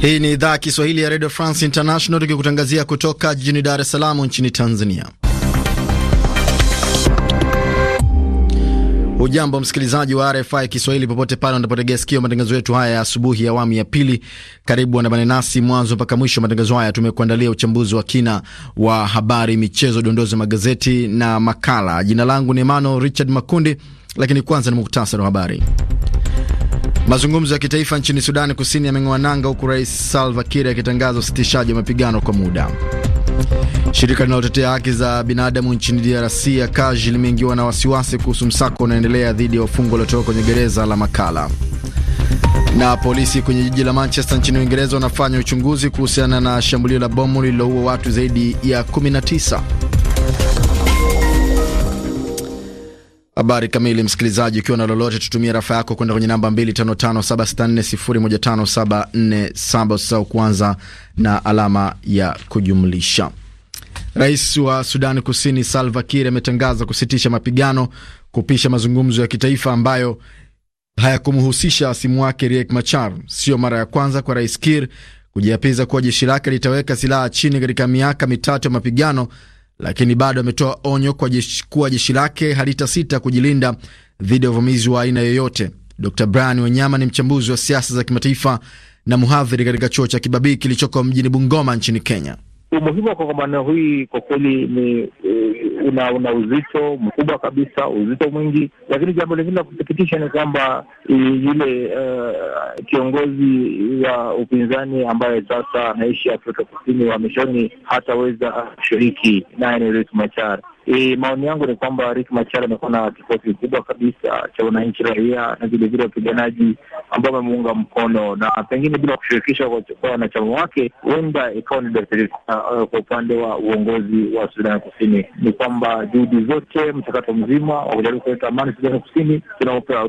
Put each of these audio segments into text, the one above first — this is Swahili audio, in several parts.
Hii ni idhaa ya Kiswahili ya Radio France International tukikutangazia kutoka jijini Dar es Salaam nchini Tanzania. Ujambo msikilizaji wa RFI Kiswahili popote pale unapotegea sikio matangazo yetu haya ya asubuhi ya awamu ya pili. Karibu andamane nasi mwanzo mpaka mwisho matangazo haya. Tumekuandalia uchambuzi wa kina wa habari, michezo, dondozi magazeti na makala. Jina langu ni Emmanuel Richard Makundi, lakini kwanza ni muktasari wa habari. Mazungumzo ya kitaifa nchini Sudani Kusini yameng'oa nanga huku Rais Salva Kiir akitangaza usitishaji wa mapigano kwa muda. Shirika linalotetea haki za binadamu nchini DRC ya kaji limeingiwa na wasiwasi kuhusu msako unaendelea dhidi ya wafungwa waliotoka kwenye gereza la Makala. Na polisi kwenye jiji la Manchester nchini Uingereza wanafanya uchunguzi kuhusiana na shambulio la bomu lililoua watu zaidi ya 19. Habari kamili, msikilizaji, ukiwa na lolote, tutumie rafa yako kwenda kwenye namba 255764015747 usisahau kuanza na alama ya kujumlisha. Rais wa Sudani Kusini Salva Kiir ametangaza kusitisha mapigano kupisha mazungumzo ya kitaifa ambayo hayakumhusisha simu wake Riek Machar. Sio mara ya kwanza kwa Rais Kiir kujiapiza kuwa jeshi lake litaweka silaha chini katika miaka mitatu ya mapigano lakini bado ametoa onyo kwa jeshi, kuwa jeshi lake halitasita kujilinda dhidi ya uvamizi wa aina yoyote. Dr Brian Wenyama ni mchambuzi wa siasa za kimataifa na mhadhiri katika chuo cha Kibabii kilichoko mjini Bungoma nchini Kenya. Umuhimu wa kongamano hii kwa kweli ni eh, una una uzito mkubwa kabisa, uzito mwingi. Lakini jambo lingine la kusikitisha ni kwamba yule uh, kiongozi wa upinzani ambaye sasa anaishi Afrika Kusini wa mishoni hataweza kushiriki, naye ni Riek Machar. E, maoni yangu ni kwamba Rick Machar amekuwa na kikosi kikubwa kabisa cha wananchi, raia na vilevile wapiganaji ambao wamemuunga mkono, na pengine bila kushirikisha kwa wanachama wake huenda ikawa ni dosari uh, kwa upande wa uongozi wa Sudan Kusini. Ni kwamba juhudi zote, mchakato mzima wa kujaribu kuleta amani Sudan Kusini unaopewa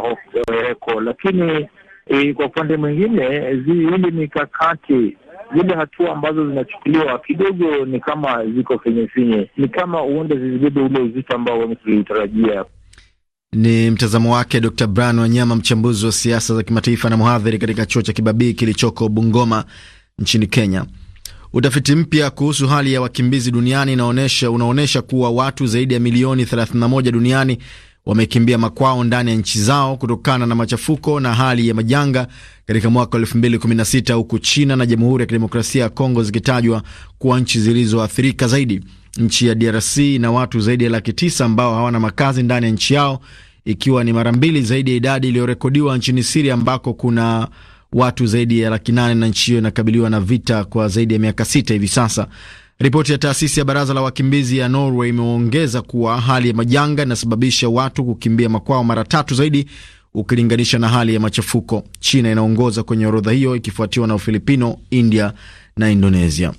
hofu lakini e, kwa upande mwingine hili ni mikakati zile hatua ambazo zinachukuliwa kidogo ni kama ziko finyefinye, ni kama huenda zizibebe ule uzito ambao wengi tulitarajia. Ni mtazamo wake Dr Bran Wanyama, mchambuzi wa siasa za kimataifa na mhadhiri katika chuo cha Kibabii kilichoko Bungoma nchini Kenya. Utafiti mpya kuhusu hali ya wakimbizi duniani unaonyesha kuwa watu zaidi ya milioni 31 duniani wamekimbia makwao ndani ya nchi zao kutokana na machafuko na hali ya majanga katika mwaka 2016 huku China na Jamhuri ya Kidemokrasia ya Kongo zikitajwa kuwa nchi zilizoathirika zaidi. Nchi ya DRC na watu zaidi ya laki tisa ambao hawana makazi ndani ya nchi yao, ikiwa ni mara mbili zaidi ya idadi iliyorekodiwa nchini Siria ambako kuna watu zaidi ya laki nane na nchi hiyo inakabiliwa na vita kwa zaidi ya miaka sita hivi sasa. Ripoti ya taasisi ya baraza la wakimbizi ya Norway imeongeza kuwa hali ya majanga inasababisha watu kukimbia makwao mara tatu zaidi ukilinganisha na hali ya machafuko. China inaongoza kwenye orodha hiyo ikifuatiwa na Ufilipino, India na Indonesia.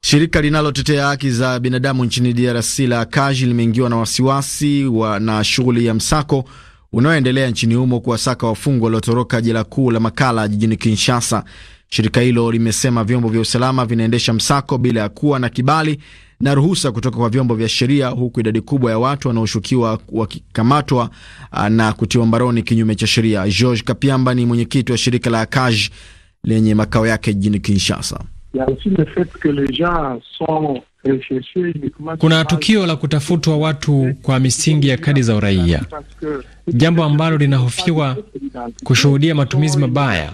Shirika linalotetea haki za binadamu nchini DRC la Kaji limeingiwa na wasiwasi wa na shughuli ya msako unaoendelea nchini humo kuwasaka wafungwa waliotoroka jela kuu la Makala jijini Kinshasa. Shirika hilo limesema vyombo vya usalama vinaendesha msako bila ya kuwa na kibali na ruhusa kutoka kwa vyombo vya sheria, huku idadi kubwa ya watu wanaoshukiwa wakikamatwa ah, na kutiwa mbaroni kinyume cha sheria. George Kapiamba ni mwenyekiti wa shirika la akaj lenye makao yake jijini Kinshasa. Kuna tukio la kutafutwa watu kwa misingi ya kadi za uraia, jambo ambalo linahofiwa kushuhudia matumizi mabaya,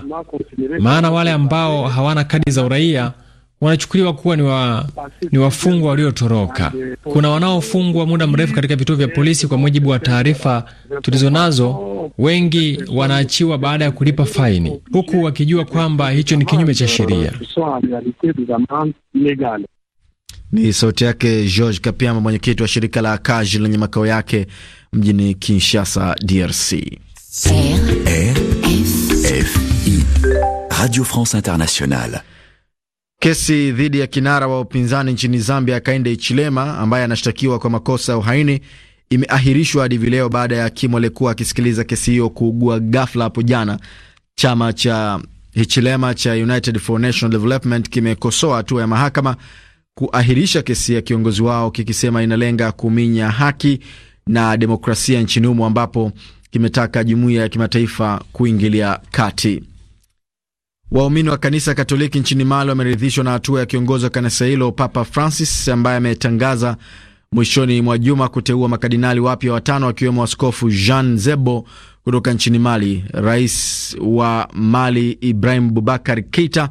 maana wale ambao hawana kadi za uraia wanachukuliwa kuwa ni, wa, ni wafungwa waliotoroka. Kuna wanaofungwa muda mrefu katika vituo vya polisi. Kwa mujibu wa taarifa tulizonazo, wengi wanaachiwa baada ya kulipa faini, huku wakijua kwamba hicho ni kinyume cha sheria. Ni sauti yake George Kapiama, mwenyekiti wa shirika la Kaji lenye makao yake mjini Kinshasa, DRC. RFI, Radio France Internationale. Kesi dhidi ya kinara wa upinzani nchini Zambia Kainde Ichilema ambaye anashtakiwa kwa makosa ya uhaini imeahirishwa hadi vileo baada ya hakimu aliyekuwa akisikiliza kesi hiyo kuugua ghafla hapo jana. Chama cha Hichilema cha United for National Development kimekosoa hatua ya mahakama kuahirisha kesi ya kiongozi wao kikisema inalenga kuminya haki na demokrasia nchini humo ambapo kimetaka jumuiya ya kimataifa kuingilia kati. Waumini wa kanisa Katoliki nchini Mali wameridhishwa na hatua ya kiongozi wa kanisa hilo Papa Francis ambaye ametangaza mwishoni mwa juma kuteua makadinali wapya watano wakiwemo Askofu Jean Zebo kutoka nchini Mali. Rais wa Mali Ibrahim Bubakar Keita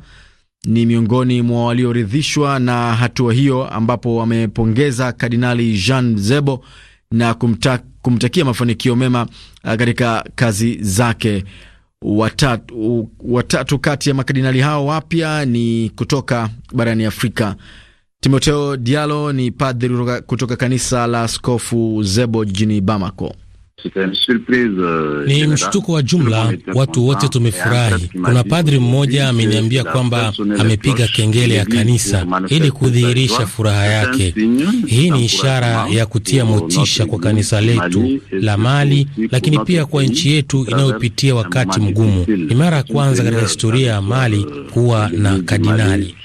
ni miongoni mwa walioridhishwa na hatua hiyo, ambapo wamepongeza Kardinali Jean Zebo na kumta, kumtakia mafanikio mema uh, katika kazi zake. Watatu, uh, watatu kati ya makardinali hao wapya ni kutoka barani Afrika. Timoteo dialo ni padri kutoka kanisa la Askofu Zebo jijini Bamako. Euh, ni mshtuko wa jumla, watu wote tumefurahi. Kuna padri mmoja ameniambia kwamba amepiga kengele ya kanisa ili kudhihirisha furaha yake. Hii ni ishara ya kutia motisha kwa kanisa letu la Mali, lakini pia kwa nchi yetu inayopitia wakati mgumu. Ni mara ya kwanza katika historia ya Mali euh, kuwa na kardinali.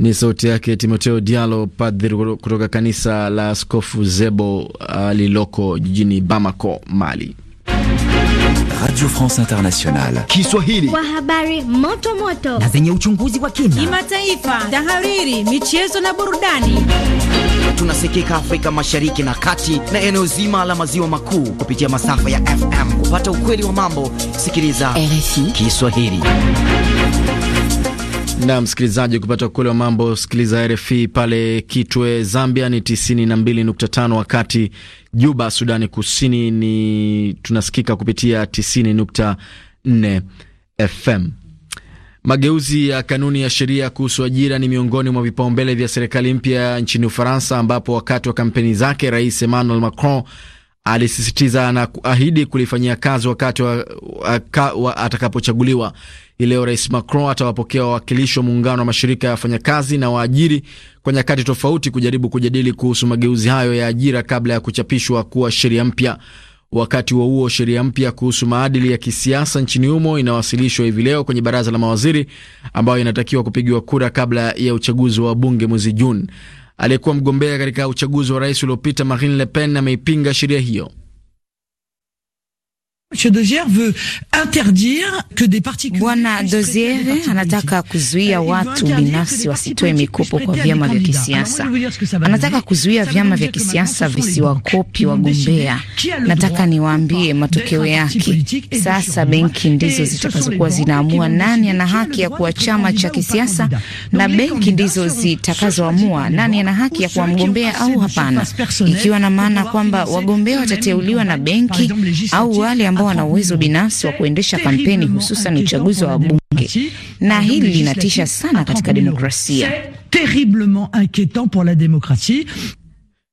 Ni sauti yake Timoteo dialo padhiri kutoka kanisa la Askofu Zebo lililoko jijini Bamako, Mali. Radio France Internationale Kiswahili, kwa habari moto moto na zenye uchunguzi wa kina, kimataifa, tahariri, michezo na burudani. Tunasikika Afrika Mashariki na Kati na eneo zima la maziwa makuu kupitia masafa ya FM. Kupata ukweli wa mambo, sikiliza RFI Kiswahili na msikilizaji, kupata ukweli wa mambo, sikiliza RFI pale Kitwe, Zambia ni 92.5, wakati Juba, Sudani Kusini ni tunasikika kupitia 90.4 FM. Mageuzi ya kanuni ya sheria kuhusu ajira ni miongoni mwa vipaumbele vya serikali mpya nchini Ufaransa, ambapo wakati wa kampeni zake Rais Emmanuel Macron alisisitiza na kuahidi kulifanyia kazi wakati wa, wa, wa, atakapochaguliwa. Hii leo Rais Macron atawapokea wawakilishi wa muungano wa mashirika ya wafanyakazi na waajiri kwa nyakati tofauti kujaribu kujadili kuhusu mageuzi hayo ya ajira kabla ya kuchapishwa kuwa sheria mpya. Wakati huo huo, sheria mpya kuhusu maadili ya kisiasa nchini humo inawasilishwa hivi leo kwenye baraza la mawaziri ambayo inatakiwa kupigiwa kura kabla ya uchaguzi wa bunge mwezi Juni aliyekuwa mgombea katika uchaguzi wa rais uliopita Marine Le Pen ameipinga sheria hiyo. Bwana Dozier euh, anataka kuzuia watu binafsi wasitoe mikopo kwa vyama vya kisiasa. Anataka kuzuia vyama vya kisiasa visiwakopi wagombea. Nataka niwaambie matokeo yake. Sasa benki ndizo zitakazokuwa zinaamua nani ana haki ya kuwa chama cha kisiasa, na benki ndizo zitakazoamua nani ana haki ya kuwa mgombea au hapana, ikiwa na maana kwamba wagombea watateuliwa na benki au wale ambao hawa na uwezo binafsi wa kuendesha kampeni, hususan uchaguzi wa bunge, na hili linatisha sana katika demokrasia.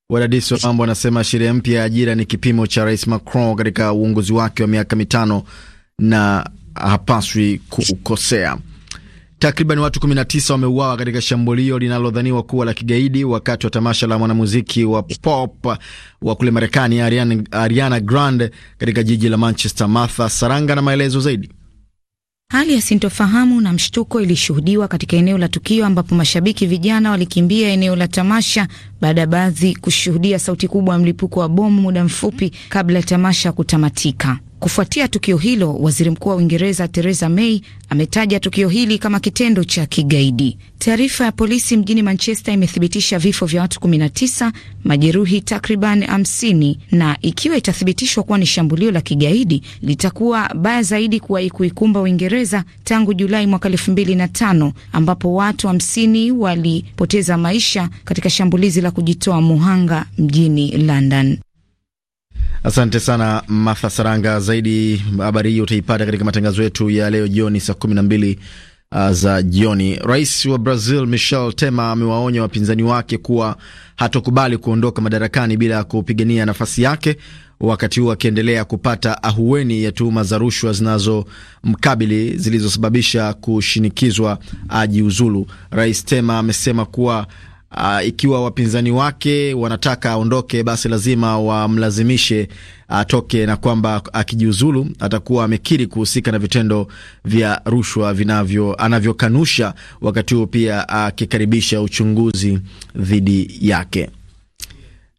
Wadadisi wa mambo wanasema sheria mpya ya ajira ni kipimo cha Rais Macron katika uongozi wake wa miaka mitano na hapaswi kukosea. Takriban watu 19 wameuawa katika shambulio linalodhaniwa kuwa la kigaidi wakati wa tamasha la mwanamuziki wa pop wa kule Marekani Ariana, Ariana Grande katika jiji la Manchester. Martha Saranga na maelezo zaidi. Hali ya sintofahamu na mshtuko ilishuhudiwa katika eneo la tukio ambapo mashabiki vijana walikimbia eneo la tamasha baada ya baadhi kushuhudia sauti kubwa ya mlipuko wa bomu muda mfupi kabla ya tamasha kutamatika. Kufuatia tukio hilo, waziri mkuu wa Uingereza Theresa May ametaja tukio hili kama kitendo cha kigaidi. Taarifa ya polisi mjini Manchester imethibitisha vifo vya watu 19, majeruhi takriban 50, na ikiwa itathibitishwa kuwa ni shambulio la kigaidi litakuwa baya zaidi kuwahi kuikumba Uingereza tangu Julai mwaka 2005 ambapo watu 50 walipoteza maisha katika shambulizi la kujitoa muhanga mjini London. Asante sana Martha Saranga. Zaidi habari hii utaipata katika matangazo yetu ya leo jioni saa kumi na mbili uh, za jioni. Rais wa Brazil Michel Temer amewaonya wapinzani wake kuwa hatokubali kuondoka madarakani bila ya kupigania nafasi yake, wakati huu akiendelea kupata ahueni ya tuhuma za rushwa zinazomkabili zilizosababisha kushinikizwa ajiuzulu. Rais Temer amesema kuwa uh, ikiwa wapinzani wake wanataka aondoke, basi lazima wamlazimishe atoke, na kwamba akijiuzulu atakuwa amekiri kuhusika na vitendo vya rushwa vinavyo anavyokanusha, wakati huo pia akikaribisha uh, uchunguzi dhidi yake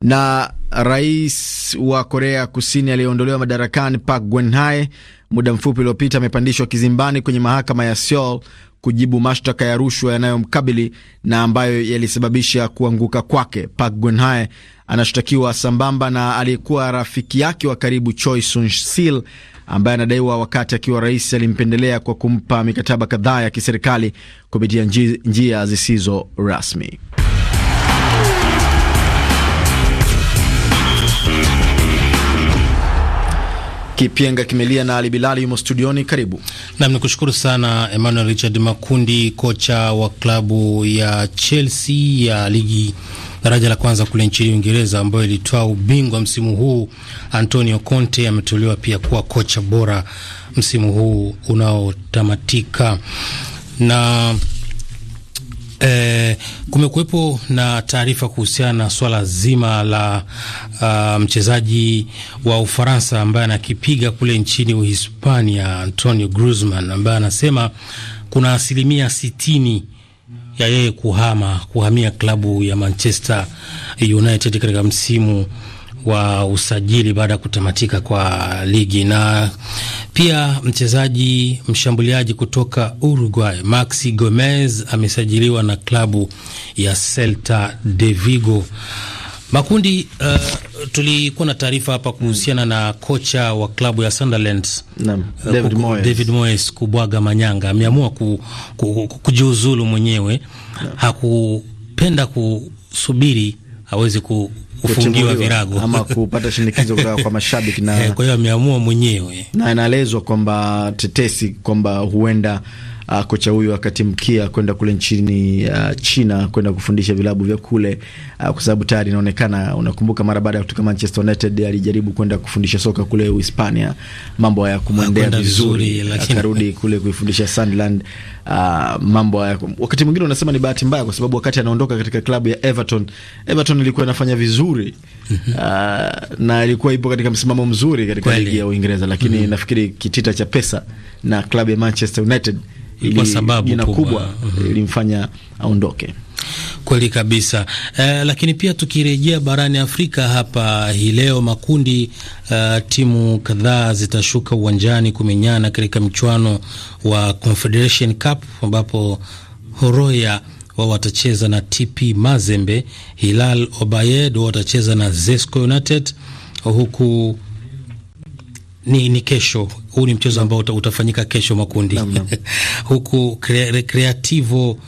na rais wa Korea Kusini aliyeondolewa madarakani Park Geun-hye muda mfupi uliopita amepandishwa kizimbani kwenye mahakama ya Seoul kujibu mashtaka ya rushwa yanayomkabili na ambayo yalisababisha kuanguka kwake. Park Geun-hye anashtakiwa sambamba na aliyekuwa rafiki yake wa karibu Choi Soon-sil ambaye anadaiwa wakati akiwa rais alimpendelea kwa kumpa mikataba kadhaa ya kiserikali kupitia njia zisizo rasmi. Kipenga kimelia na Ali Bilali yumo studioni, karibu nam. Ni kushukuru sana Emmanuel Richard Makundi, kocha wa klabu ya Chelsea ya ligi daraja la kwanza kule nchini Uingereza ambayo ilitoa ubingwa msimu huu. Antonio Conte ameteuliwa pia kuwa kocha bora msimu huu unaotamatika na Eh, kumekuwepo na taarifa kuhusiana na swala zima la uh, mchezaji wa Ufaransa ambaye anakipiga kule nchini Uhispania Antonio Griezmann ambaye anasema kuna asilimia sitini ya yeye kuhama kuhamia klabu ya Manchester United katika msimu wa usajili baada ya kutamatika kwa ligi na pia mchezaji mshambuliaji kutoka Uruguay Maxi Gomez amesajiliwa na klabu ya Celta de Vigo. Makundi, uh, tulikuwa na taarifa hapa kuhusiana mm. na kocha wa klabu ya Sunderland uh, David, uh, Moyes. David Moyes kubwaga manyanga, ameamua ku, ku, ku, kujiuzulu mwenyewe hakupenda kusubiri aweze ku kufungiwa virago ama kupata shinikizo kutoka kwa mashabiki na eh, kwa hiyo ameamua mwenyewe, na inaelezwa kwamba tetesi kwamba huenda uh, kocha huyu akatimkia kwenda kule nchini uh, China kwenda kufundisha vilabu vya kule uh, kwa sababu tayari inaonekana, unakumbuka mara baada ya kutoka Manchester United alijaribu kwenda kufundisha soka kule Uhispania, mambo haya kumwendea vizuri, akarudi kule kuifundisha Sunderland. Uh, mambo haya wakati mwingine unasema ni bahati mbaya, kwa sababu wakati anaondoka katika klabu ya Everton, Everton ilikuwa inafanya vizuri uh, na ilikuwa ipo katika msimamo mzuri katika ligi ya Uingereza, lakini mm -hmm. nafikiri kitita cha pesa na klabu ya Manchester United mm ili jina kubwa mhm. eh, ilimfanya aondoke. Kweli kabisa eh, lakini pia tukirejea barani Afrika hapa hii leo makundi eh, timu kadhaa zitashuka uwanjani kumenyana katika mchuano wa Confederation Cup ambapo Horoya wao watacheza na TP Mazembe, Hilal Obayed wao watacheza na Zesco United huku ni, ni kesho huu ni mchezo ambao utafanyika kesho makundi huku Creativo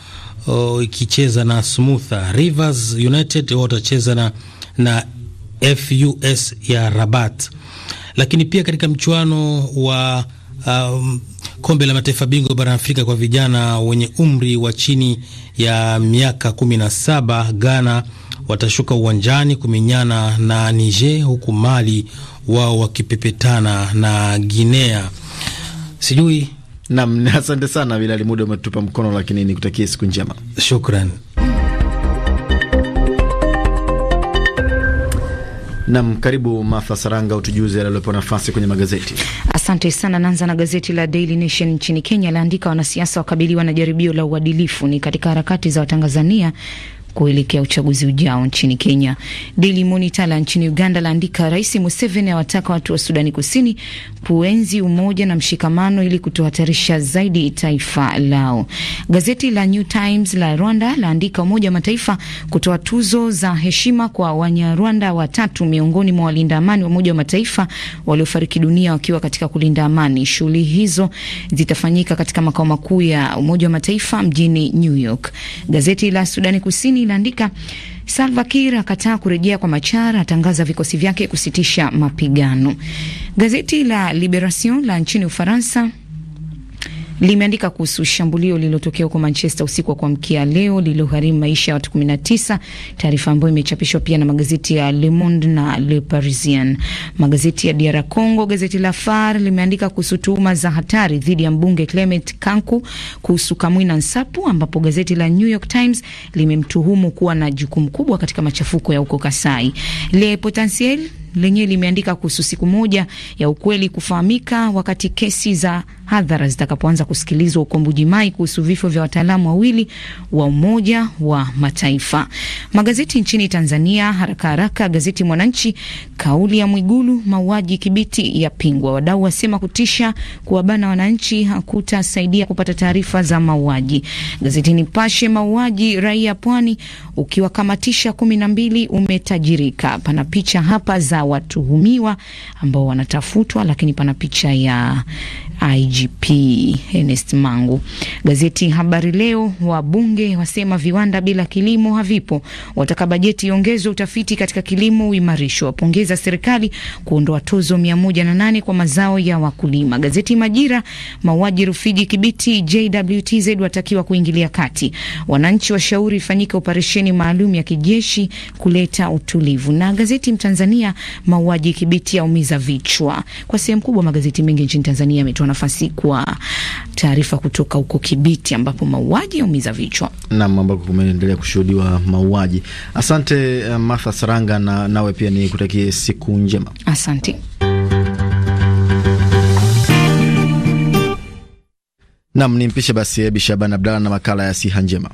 uh, ikicheza na Smootha. Rivers United watacheza na, na FUS ya Rabat, lakini pia katika mchuano wa um, kombe la mataifa bingwa barani Afrika kwa vijana wenye umri wa chini ya miaka kumi na saba Ghana watashuka uwanjani kumenyana na Niger huku Mali wao wakipepetana na Guinea. Sijui nam. Asante sana Bilali, muda umetupa mkono, lakini nikutakie siku njema, shukran. Nam, karibu Martha Saranga, utujuze yaliyopewa nafasi kwenye magazeti. Asante sana. Naanza na gazeti la Daily Nation nchini Kenya, laandika wanasiasa wakabiliwa na jaribio la uadilifu. Ni katika harakati za watangazania kuelekea uchaguzi ujao nchini Kenya. Daily Monitor la nchini Uganda laandika Rais Museveni awataka watu wa Sudani Kusini kuenzi umoja na mshikamano ili kutohatarisha zaidi taifa lao. Gazeti la New Times la Rwanda laandika Umoja wa Mataifa kutoa tuzo za heshima kwa Wanyarwanda watatu miongoni mwa walinda amani wa Umoja wa Mataifa waliofariki dunia wakiwa katika kulinda amani. Shughuli hizo zitafanyika katika makao makuu ya Umoja wa Mataifa mjini New York. Gazeti la Sudani Kusini linaandika Salva Kiir akataa kurejea kwa Machar, atangaza vikosi vyake kusitisha mapigano. Gazeti la Liberation la nchini Ufaransa limeandika kuhusu shambulio lililotokea huko Manchester usiku wa kuamkia leo lililogharimu maisha ya watu 19, taarifa ambayo imechapishwa pia na magazeti ya Le Monde na Le Parisien. Magazeti ya DR Congo, gazeti la Far limeandika kuhusu tuhuma za hatari dhidi ya mbunge Clement Kanku kuhusu Kamwina Nsapu, ambapo gazeti la New York Times limemtuhumu kuwa na jukumu kubwa katika machafuko ya huko Kasai. Le Potentiel lenyewe limeandika kuhusu siku moja ya ukweli kufahamika wakati kesi za hadhara zitakapoanza kusikilizwa huko Mbujimai kuhusu vifo vya wataalamu wawili wa Umoja wa Mataifa. Magazeti nchini Tanzania, haraka haraka, gazeti Mwananchi, kauli ya Mwigulu, mauaji Kibiti ya pingwa, wadau wasema kutisha kuwabana wananchi hakutasaidia kupata taarifa za mauaji. Gazeti Nipashe, mauaji raia Pwani, ukiwakamatisha kumi na mbili umetajirika. Pana picha hapa za za watuhumiwa ambao wanatafutwa, lakini pana picha ya IGP Ernest Mangu. Gazeti Habari Leo, wabunge wasema viwanda bila kilimo havipo, wataka bajeti iongezwe utafiti katika kilimo uimarishwe, wapongeza serikali kuondoa tozo 108 kwa mazao ya wakulima. Gazeti Majira, mauaji Rufiji, Kibiti, JWTZ watakiwa kuingilia kati, wananchi washauri ifanyike operesheni maalum ya kijeshi kuleta utulivu. Na gazeti Mtanzania, mauaji Kibiti yaumiza vichwa. Kwa sehemu kubwa magazeti mengi nchini Tanzania yametoa nafasi kwa taarifa kutoka huko Kibiti ambapo mauaji yaumiza vichwa nam, ambako kumeendelea kushuhudiwa mauaji. Asante uh, Martha Saranga, na nawe pia ni kutakie siku njema. Asante. Nam ni mpishe basi Ebi Shaban Abdala na makala ya siha njema.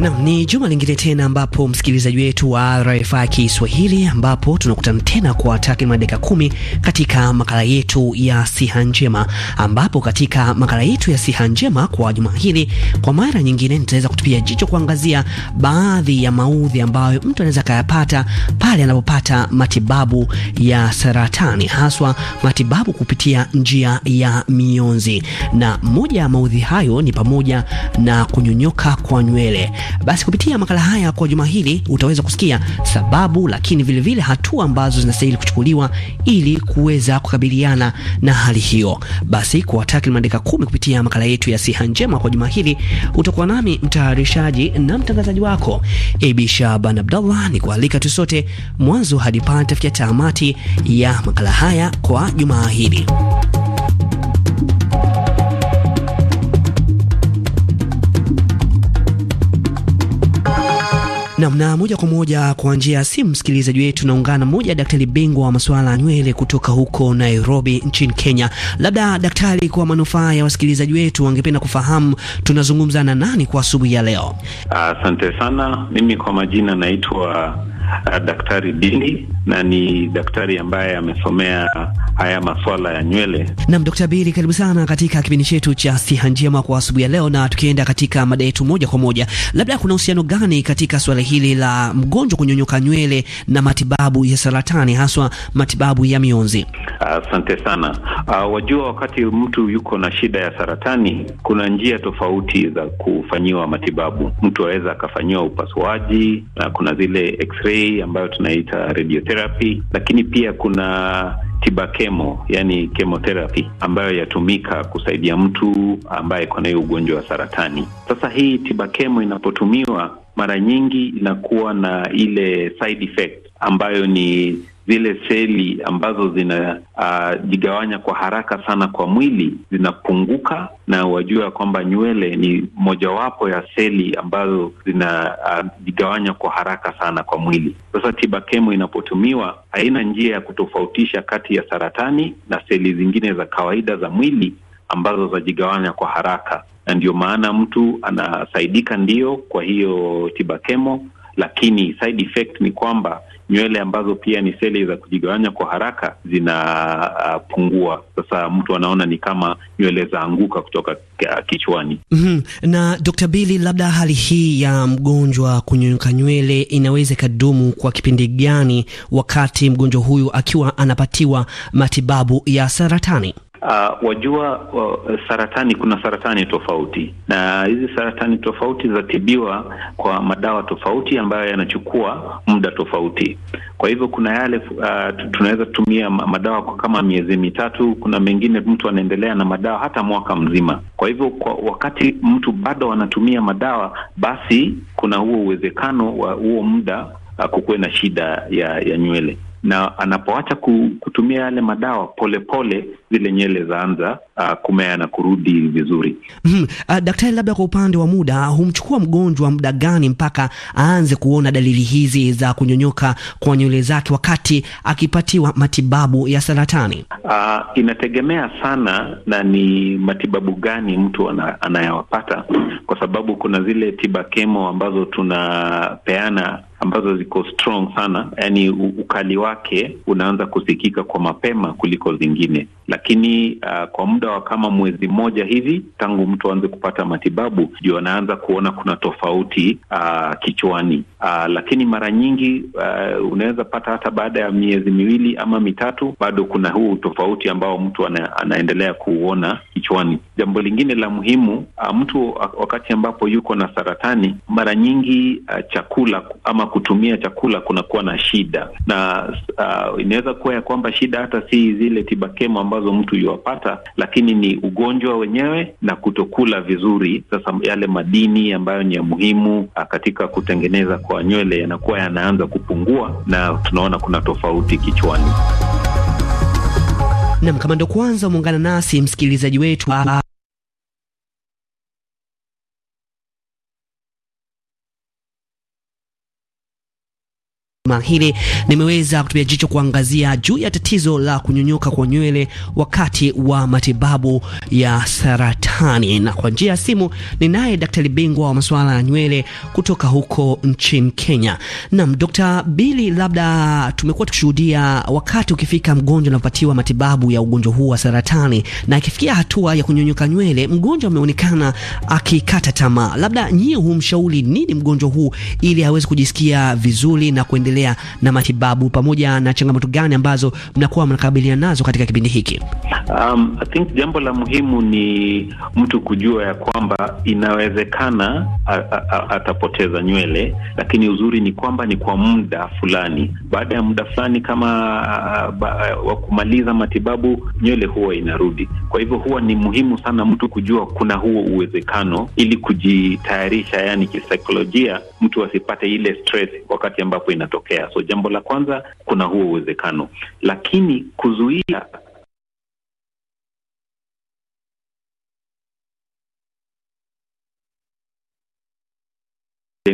Nam, ni juma lingine tena ambapo msikilizaji wetu wa RFI Kiswahili, ambapo tunakutana tena kwa takriban dakika kumi katika makala yetu ya siha njema, ambapo katika makala yetu ya siha njema kwa juma hili, kwa mara nyingine, nitaweza kutupia jicho kuangazia baadhi ya maudhi ambayo mtu anaweza akayapata pale anapopata matibabu ya saratani, haswa matibabu kupitia njia ya mionzi, na moja ya maudhi hayo ni pamoja na kunyonyoka kwa nywele. Basi kupitia makala haya kwa juma hili utaweza kusikia sababu, lakini vile vile hatua ambazo zinastahili kuchukuliwa ili kuweza kukabiliana na hali hiyo. Basi kwa takriban dakika kumi kupitia makala yetu ya siha njema kwa juma hili utakuwa nami mtayarishaji na mtangazaji wako ibi Shaban Abdallah, ni kualika tu sote mwanzo hadi pale tafikia tamati ya makala haya kwa juma hili. Nam na moja kwa moja kwa njia ya simu, msikilizaji wetu, naungana moja daktari bingwa wa masuala ya nywele kutoka huko Nairobi nchini Kenya. Labda daktari, kwa manufaa ya wasikilizaji wetu, wangependa kufahamu tunazungumza na nani kwa asubuhi ya leo? Asante sana. Mimi kwa majina naitwa uh, daktari dini na ni daktari ambaye amesomea haya maswala ya nywele. Naam, Dr. Bili, karibu sana katika kipindi chetu cha siha njema kwa asubuhi ya leo, na tukienda katika mada yetu moja kwa moja, labda kuna uhusiano gani katika suala hili la mgonjwa kunyonyoka nywele na matibabu ya saratani, haswa matibabu ya mionzi? Asante uh, sana. Uh, wajua, wakati mtu yuko na shida ya saratani kuna njia tofauti za kufanyiwa matibabu. Mtu aweza akafanyiwa upasuaji na kuna zile x-ray ambayo tunaita radiotherapy, lakini pia kuna tiba kemo, yani chemotherapy ambayo yatumika kusaidia mtu ambaye iko nayo ugonjwa wa saratani. Sasa hii tiba kemo inapotumiwa mara nyingi inakuwa na ile side effect ambayo ni zile seli ambazo zinajigawanya ah, uh, kwa haraka sana kwa mwili zinapunguka, na wajua kwamba nywele ni mojawapo ya seli ambazo zinajigawanya ah, uh, kwa haraka sana kwa mwili. Sasa tiba kemo inapotumiwa, haina njia ya kutofautisha kati ya saratani na seli zingine za kawaida za mwili ambazo zajigawanya kwa haraka, na ndio maana mtu anasaidika, ndio kwa hiyo tiba kemo, lakini side effect ni kwamba nywele ambazo pia ni seli za kujigawanya kwa haraka zinapungua. Ah, Sasa mtu anaona ni kama nywele zaanguka kutoka ah, kichwani. mm -hmm. Na Dr. Bili, labda hali hii ya mgonjwa kunyunyuka nywele inaweza ikadumu kwa kipindi gani, wakati mgonjwa huyu akiwa anapatiwa matibabu ya saratani? Uh, wajua uh, saratani kuna saratani tofauti, na hizi saratani tofauti zatibiwa kwa madawa tofauti ambayo yanachukua muda tofauti. Kwa hivyo kuna yale uh, tunaweza tumia madawa kwa kama miezi mitatu, kuna mengine mtu anaendelea na madawa hata mwaka mzima. Kwa hivyo kwa wakati mtu bado anatumia madawa, basi kuna huo uwezekano wa huo muda uh, kukuwe na shida ya, ya nywele na anapoacha kutumia yale madawa polepole pole, zile nywele zaanza uh, kumea na kurudi vizuri. Mm, uh, daktari, labda kwa upande wa muda, humchukua mgonjwa muda gani mpaka aanze kuona dalili hizi za kunyonyoka kwa nywele zake wakati akipatiwa matibabu ya saratani? Uh, inategemea sana na ni matibabu gani mtu ana, anayawapata kwa sababu kuna zile tiba kemo ambazo tunapeana ambazo ziko strong sana, yani ukali wake unaanza kusikika kwa mapema kuliko zingine. Lakini uh, kwa muda wa kama mwezi mmoja hivi tangu mtu aanze kupata matibabu, ndio anaanza kuona kuna tofauti uh, kichwani uh, lakini mara nyingi uh, unaweza pata hata baada ya miezi miwili ama mitatu, bado kuna huu tofauti ambao mtu ana, anaendelea kuuona kichwani. Jambo lingine la muhimu uh, mtu wakati ambapo yuko na saratani mara nyingi uh, chakula ama kutumia chakula kunakuwa na shida, na uh, inaweza kuwa ya kwamba shida hata si zile tibakemo ambazo mtu yuwapata, lakini ni ugonjwa wenyewe na kutokula vizuri. Sasa yale madini ambayo ni ya muhimu uh, katika kutengeneza kwa nywele yanakuwa yanaanza kupungua, na tunaona kuna tofauti kichwani. Nam, kama ndo kwanza umeungana nasi msikilizaji wetu juma hili nimeweza kutupia jicho kuangazia juu ya tatizo la kunyonyoka kwa nywele wakati wa matibabu ya saratani, na kwa njia ya simu ninaye daktari bingwa wa masuala ya nywele kutoka huko nchini Kenya. Naam, Dr. Bili, labda tumekuwa tukishuhudia wakati ukifika mgonjwa anapatiwa matibabu ya ugonjwa huu wa saratani, na akifikia hatua ya kunyonyoka nywele, mgonjwa ameonekana akikata tamaa. Labda nyie humshauri nini mgonjwa huu ili aweze kujisikia vizuri na kuendelea kuendelea na matibabu pamoja na changamoto gani ambazo mnakuwa mnakabiliana nazo katika kipindi hiki? Um, I think jambo la muhimu ni mtu kujua ya kwamba inawezekana atapoteza nywele, lakini uzuri ni kwamba ni kwa muda fulani. Baada ya muda fulani kama wa kumaliza matibabu, nywele huwa inarudi. Kwa hivyo huwa ni muhimu sana mtu kujua kuna huo uwezekano, ili kujitayarisha, yani kisaikolojia, mtu asipate ile stress wakati ambapo inatokea kutokea. So jambo la kwanza, kuna huo uwezekano, lakini kuzuia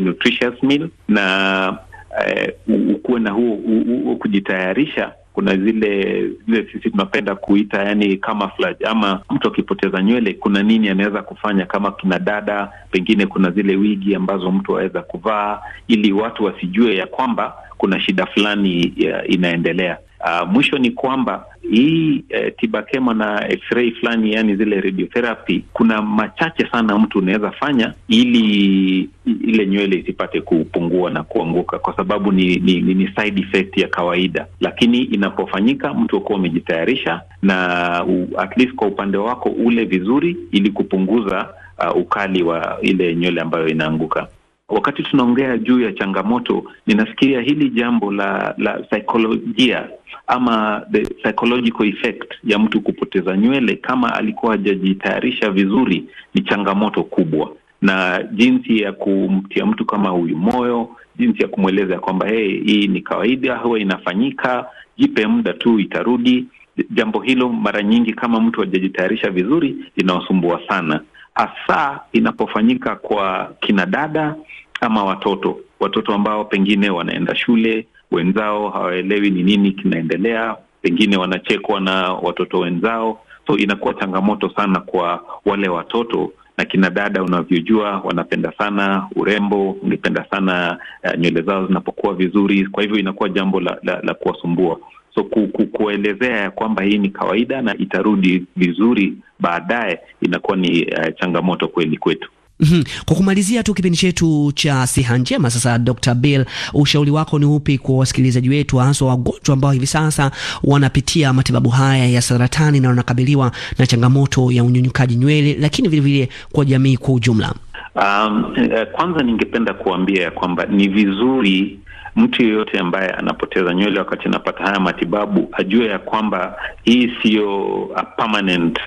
nutritious meal na eh, ukuwe na huo, huo kujitayarisha kuna zile zile sisi tunapenda kuita yani camouflage, ama mtu akipoteza nywele, kuna nini anaweza kufanya? Kama kina dada, pengine kuna zile wigi ambazo mtu aweza kuvaa, ili watu wasijue ya kwamba kuna shida fulani inaendelea. Uh, mwisho ni kwamba hii eh, tibakema na x-ray fulani, yani zile radiotherapy, kuna machache sana mtu unaweza fanya ili ile nywele isipate kupungua na kuanguka, kwa sababu ni, ni, ni side effect ya kawaida, lakini inapofanyika mtu akuwa umejitayarisha na u, at least kwa upande wako ule vizuri, ili kupunguza uh, ukali wa ile nywele ambayo inaanguka. Wakati tunaongea juu ya changamoto, ninafikiria hili jambo la la saikolojia ama the psychological effect ya mtu kupoteza nywele kama alikuwa hajajitayarisha vizuri ni changamoto kubwa, na jinsi ya kumtia mtu kama huyu moyo, jinsi ya kumweleza ya kwamba hey, hii ni kawaida, huwa inafanyika, jipe muda tu, itarudi. Jambo hilo mara nyingi, kama mtu hajajitayarisha vizuri, linawasumbua sana hasa inapofanyika kwa kina dada ama watoto, watoto ambao pengine wanaenda shule, wenzao hawaelewi ni nini kinaendelea, pengine wanachekwa na watoto wenzao, so inakuwa changamoto sana kwa wale watoto na kina dada unavyojua, wanapenda sana urembo, ungependa sana uh, nywele zao zinapokuwa vizuri. Kwa hivyo inakuwa jambo la, la, la kuwasumbua so ku, ku, kuelezea ya kwamba hii ni kawaida na itarudi vizuri baadaye inakuwa ni uh, changamoto kweli kwetu. Mm -hmm. Kwa kumalizia tu kipindi chetu cha siha njema sasa, Dr. Bill, ushauri wako ni upi kwa wasikilizaji wetu, hasa wagonjwa ambao hivi sasa wanapitia matibabu haya ya saratani na wanakabiliwa na changamoto ya unyunyukaji nywele, lakini vile vile kwa jamii kwa ujumla? Um, eh, kwanza ningependa kuambia ya kwamba ni vizuri mtu yeyote ambaye anapoteza nywele wakati anapata haya matibabu ajue ya kwamba hii siyo a permanent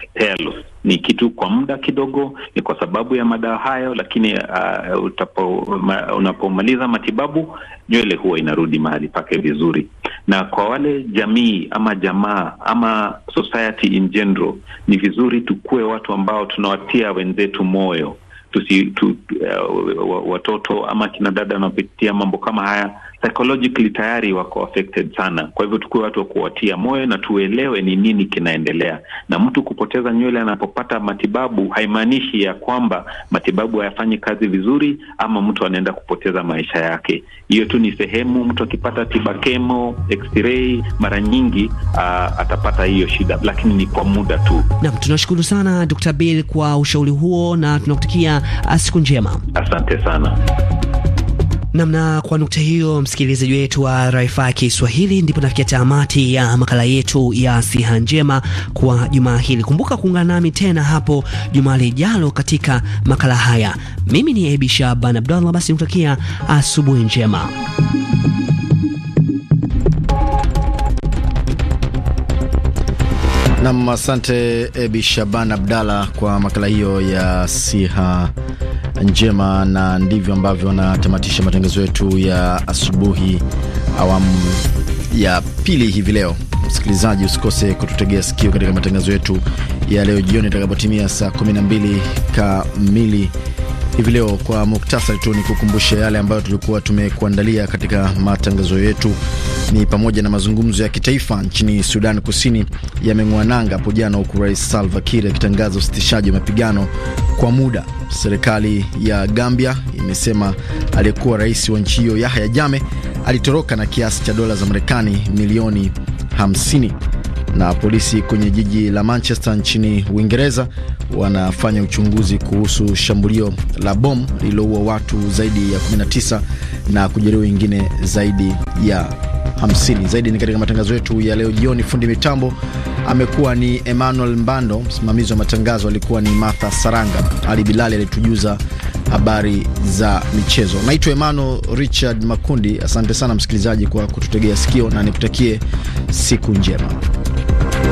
ni kitu kwa muda kidogo, ni kwa sababu ya madawa hayo, lakini uh, utapo, ma, unapomaliza matibabu nywele huwa inarudi mahali pake vizuri. Na kwa wale jamii ama jamaa ama society in general, ni vizuri tukuwe watu ambao tunawatia wenzetu moyo tusi, tu, uh, watoto ama kina dada wanapitia mambo kama haya psychologically tayari wako affected sana. Kwa hivyo tukuwe watu wa kuwatia moyo na tuelewe ni nini kinaendelea. Na mtu kupoteza nywele anapopata matibabu haimaanishi ya kwamba matibabu hayafanyi kazi vizuri ama mtu anaenda kupoteza maisha yake. Hiyo tu ni sehemu. Mtu akipata tiba kemo, x-ray mara nyingi uh, atapata hiyo shida, lakini ni kwa muda tu. nam tunashukuru sana Dr. Bill kwa ushauri huo na tunakutakia siku njema. Asante sana. Namna kwa nukta hiyo, msikilizaji wetu wa RFI Kiswahili, ndipo nafikia tamati ya makala yetu ya siha njema kwa jumaa hili. Kumbuka kuungana nami tena hapo jumaa lijalo katika makala haya. Mimi ni Abi Shaban Abdallah, basi nikutakia asubuhi njema. Nam, asante ebi Shaban Abdallah kwa makala hiyo ya siha njema, na ndivyo ambavyo wanatamatisha matangazo yetu ya asubuhi awamu ya pili hivi leo. Msikilizaji, usikose kututegea sikio katika matangazo yetu ya leo jioni itakapotimia saa 12 kamili hivi leo. Kwa muktasari tu, ni kukumbusha yale ambayo tulikuwa tumekuandalia katika matangazo yetu, ni pamoja na mazungumzo ya kitaifa nchini Sudan Kusini yameng'oa nanga hapo jana, huku Rais Salva Kiir akitangaza usitishaji wa mapigano kwa muda. Serikali ya Gambia imesema aliyekuwa rais wa nchi hiyo Yahya Jammeh alitoroka na kiasi cha dola za Marekani milioni 50 na polisi kwenye jiji la Manchester nchini Uingereza wanafanya uchunguzi kuhusu shambulio la bomu lililoua watu zaidi ya 19 na kujeruhi wengine zaidi ya 50. Zaidi ni katika matangazo yetu ya leo jioni. Fundi mitambo amekuwa ni Emmanuel Mbando, msimamizi wa matangazo alikuwa ni Martha Saranga. Ali Bilali alitujuza habari za michezo. Naitwa Emmanuel Richard Makundi. Asante sana msikilizaji kwa kututegea sikio na nikutakie siku njema. Aime-moi,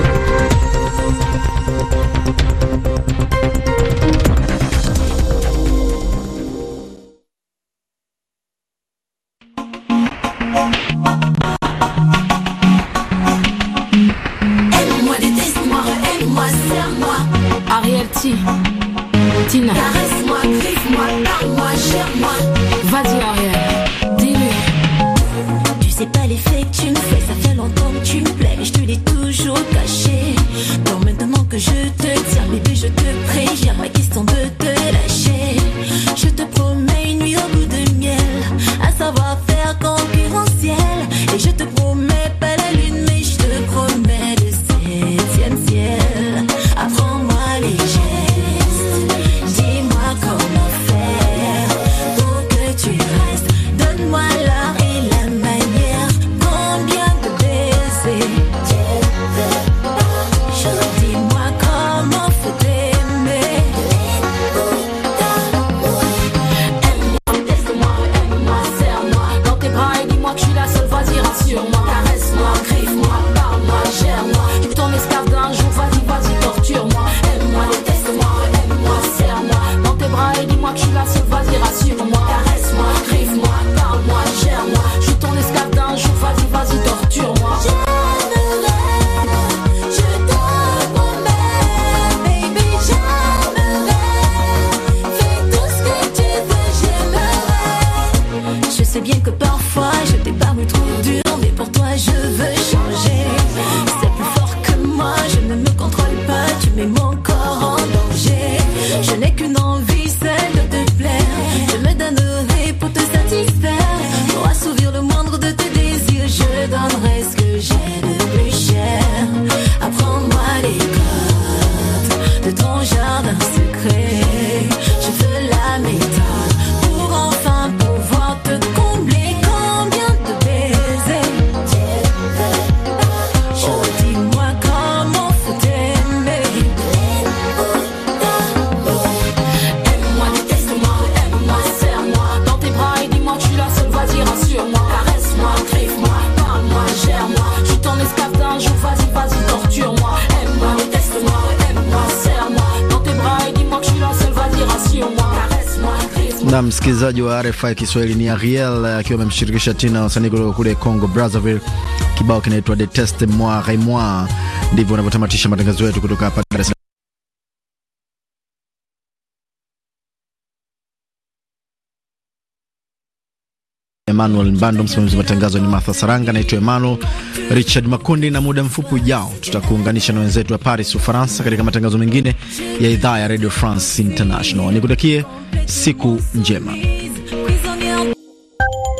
déteste-moi, aime-moi, sers-moi. Ariel, réalité. Tina. Caresse-moi, griffe-moi, parle-moi, gère-moi. Vas-y, Ariel, dis-le. Tu sais pas les faits que tu me fais, ça msikilizaji wa RFI Kiswahili ni Ariel eh, akiwa amemshirikisha Tina wasanii kutoka kule Congo Brazzaville. Kibao kinaitwa Deteste moi remoi. Ndivyo wanavyotamatisha matangazo yetu kutoka hapa Emmanuel Mbando, msimamizi wa matangazo ni Martha Saranga, naitwa Emmanuel Richard Makundi, na muda mfupi ujao tutakuunganisha na wenzetu wa Paris, Ufaransa, katika matangazo mengine ya idhaa ya Radio France International. Nikutakie siku njema.